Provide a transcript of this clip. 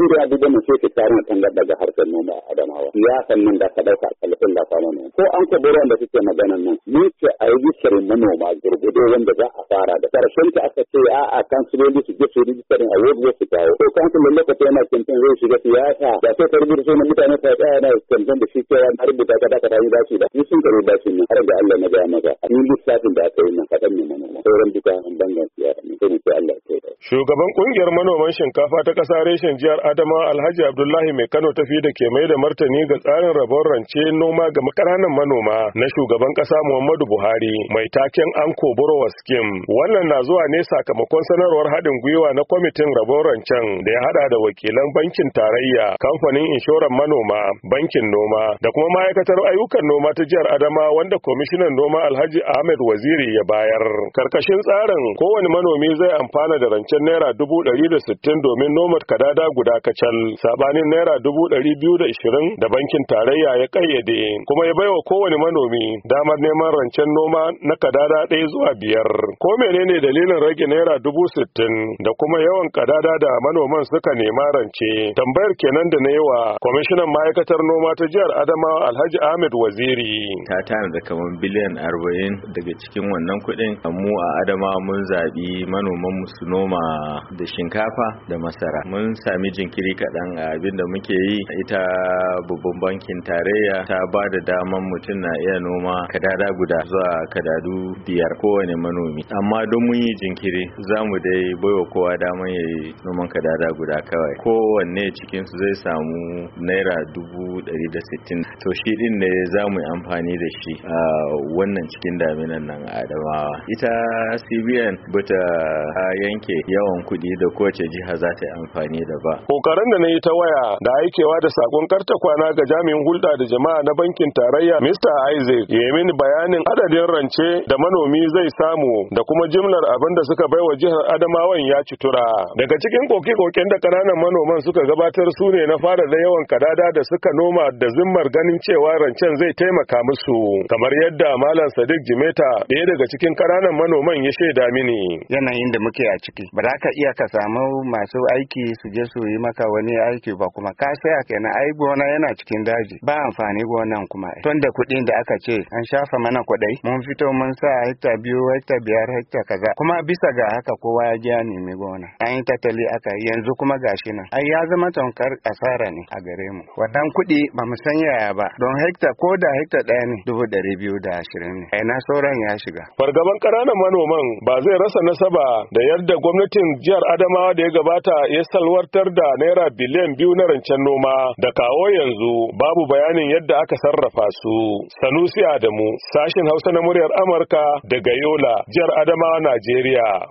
inda ya buga mace ke tarin tangar daga harkar noma a Adamawa. Siyasan nan da ka dauka alƙalƙin da kwana ne. Ko an kaburan da suke maganan nan mun ce a yi gishirin manoma gurgudo wanda za a fara da karshen ta aka ce a kansiloli su je su rijistarin a wani su kawo. Ko kansilin lokaci yana kintin zai shiga siyasa da sai karbi da sunan mutane ta tsaya na kanzan da shi cewa na rubuta ka daga rayu dace da ni sun karbi dace ne har da Allah na ga maka. Ni lissafin da aka yi nan kaɗan ne manoma. Sauran duka an dangan siyasa ne. Sai mu ce Allah Shugaban kungiyar manoman shinkafa ta ƙasa reshen jihar Adama Alhaji Abdullahi Mai Kano tafi da ke mai da martani ga tsarin rabon rance noma ga makananan manoma na shugaban ƙasa Muhammadu Buhari mai taken Anko wa skim Wannan na zuwa ne sakamakon sanarwar haɗin gwiwa na kwamitin rabon rancen da ya haɗa da wakilan bankin tarayya, kamfanin inshoran manoma, bankin noma da kuma ma'aikatar ayyukan noma ta jihar Adama wanda kwamishinan noma Alhaji Ahmed Waziri ya bayar. Karkashin tsarin kowane manomi zai amfana da rance rancen naira dubu ɗari da sittin domin nomad kadada guda kacal sabanin naira dubu ɗari biyu da ishirin da bankin tarayya ya ƙayyade kuma ya baiwa kowane manomi damar neman rancen noma na kadada ɗaya zuwa biyar ko menene dalilin rage naira dubu sittin da kuma yawan kadada da manoman suka nema rance tambayar kenan da na yi wa kwamishinan ma'aikatar noma ta jihar adamawa alhaji ahmed waziri ta tana da kamar biliyan arba'in daga cikin wannan kuɗin mu a adamawa mun zaɓi manoman su noma da shinkafa da masara mun sami jinkiri kaɗan a abin da muke yi ita babban bankin tarayya ta ba da daman mutum na iya noma kadada guda zuwa kadadu biyar kowane manomi amma don mun yi jinkiri za mu dai baiwa kowa daman ya yi noman kadada guda kawai kowanne cikinsu zai samu naira dubu ɗari da sittin to shi ɗin ne za mu yi amfani da shi a wannan cikin daminan nan adamawa ita cbn bata yanke yawan kuɗi da kowace jiha za ta yi amfani da ba. Kokarin da na yi ta waya da aikewa da sakon karta kwana ga jami'in hulɗa da jama'a na bankin tarayya Mr. Isaac ya yi mini bayanin adadin rance da manomi zai samu da kuma jimlar abin da suka baiwa jihar Adamawan ya ci tura. Daga cikin koke-koken da ƙananan manoman suka gabatar su ne na fara da yawan kadada da suka noma da zimmar ganin cewa rancen zai taimaka musu. Kamar yadda Malam Sadiq Jimeta ɗaya daga cikin ƙananan manoman ya shaida mini. Yanayin da muke a ciki ba za ka iya ka samu masu aiki su je su yi maka wani aiki ba kuma ka saya kenan ai gona yana cikin daji ba amfani gonan kuma tun da kuɗin da aka ce an shafa mana kuɗai mun fito mun sa hekta biyu hekta biyar hekta kaza kuma bisa ga haka kowa ya je ya nemi gona an yi tattali aka yanzu kuma gashi nan ai ya zama tamkar asara ne a gare mu wannan kuɗi ba mu san yaya ba don hekta ko da hekta ɗaya ne dubu ɗari biyu da ashirin ne ai na sauran ya shiga fargaban ƙananan manoman ba zai rasa nasaba da yadda gwamnati gwamnatin jihar Adamawa da ya gabata ya salwartar da naira biliyan biyu na rancen noma da kawo yanzu babu bayanin yadda aka sarrafa su. Sanusi Adamu, sashin Hausa na muryar Amurka daga Yola, jihar Adamawa, Najeriya.